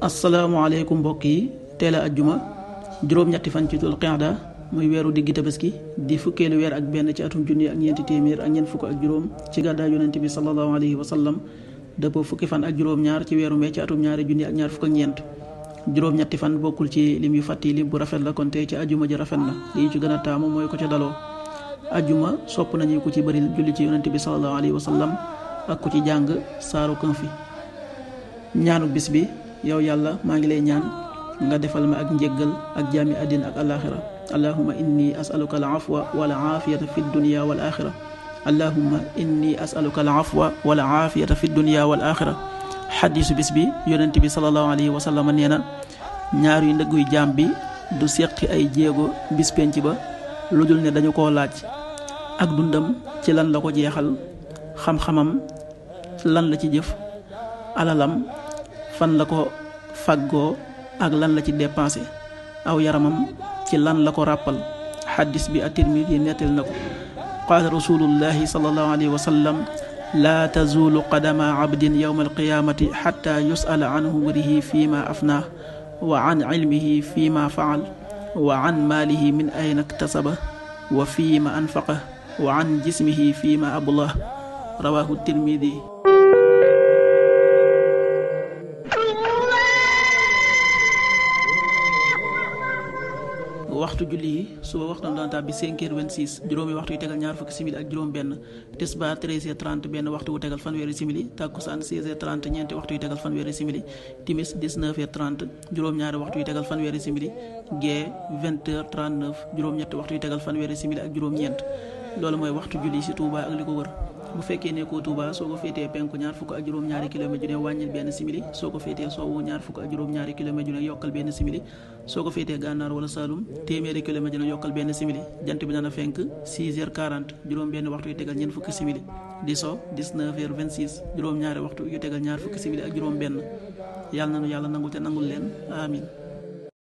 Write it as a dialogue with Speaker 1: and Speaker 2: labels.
Speaker 1: asalaamaaleykum mbokk yi teel a ajjuma juróom-ñetti fan ci dul qinda muy weeru diggi tabaski di fukkee fukkeelu weer ak benn ci atum junni ak ñeenti téeméer ak ñeent fukk ak juróom ci gàddaa yonent bi sallallahu alayhi wa sallam dëppoo fukki fan ak juróom-ñaar ci weeru mee ci atum ñaari junni ak ñaar fukk ak ñeent juróom-ñetti fan bokkul ci lim yu yi lim bu rafet la kon tey ci ajjuma ji rafet na lii ci gën a taamu mooy ko ca daloo ajjuma sopp nañu ku ci bari julli ci yonent bi sallallahu alayhi wa sallam ak ku ci jàng saaru kan fi ñaanu bis bi yow yàlla maa ngi lay ñaan nga defal ma ak njéggal ak jaami àddina ak alaaxira allahuma inni asaluka al afwa wal aafiyata fi dunia wal axira inni asaluka al afwa wal aafiyata fi dunia wal axira xadiisu bis bi yonent bi salallahu alayhi wa sallam nee na ñaar yu ndëgguy jaam bi du seqi ay jéego bis penc ba lu dul ne dañu ko laaj ak dundam ci lan la ko jeexal xam-xamam lan la ci jëf alalam fan la ko faggoo ak lan la ci dépensé aw yaramam ci lan la ko ràppal xaddis bi at-Tirmidi nettal na ko qaala rasulullahi sallallahu alayhi wa sallam laa tazuulu qadama abdin yowma alqiyaamati xatta yusala an humrihi fi ma afnaa wa an cilmihi fi ma facal wa an maalihi min ayna ktasaba wa fi ma anfaqa wa an jismihi fi ma ablah rawahu tirmidi waxtu julli yi suba waxtu na daan tàbbi 5h26 juróomi waxtu yu tegal ñaar fukki simili ak juróom benn tisbaar 13h30 benn waxtu wu tegal fanweeri simili takkusaan 16h30 ñeenti waxtu yu tegal fanweeri simili timis 19h30 juróom-ñaari waxtu yu tegal fanweeri simili gee 20h39 juróom-ñetti waxtu yu tegal fanweeri simili ak juróom-ñeent loolu mooy waxtu julli si Touba ak li ko wër bu fekkee nekkoo Touba soo ko féetee penku ñaari kilomètre ju ne wàññil benn simili soo ko féetee soowu ñaar fukk ak juróom-ñaari kilomètre ju ne yokkal benn simili soo ko féetee gànnaar wala Saalum téeméeri kilomètre ju ne yokkal benn simili jant bi dana fenk 6 heures 40 juróom benn waxtu yu tegal ñeent fukki simili di so 19 heures 26 juróom-ñaari waxtu yu tegal ñaar fukki simili ak juróom benn yàlla nanu yàlla nangul te nangul leen amin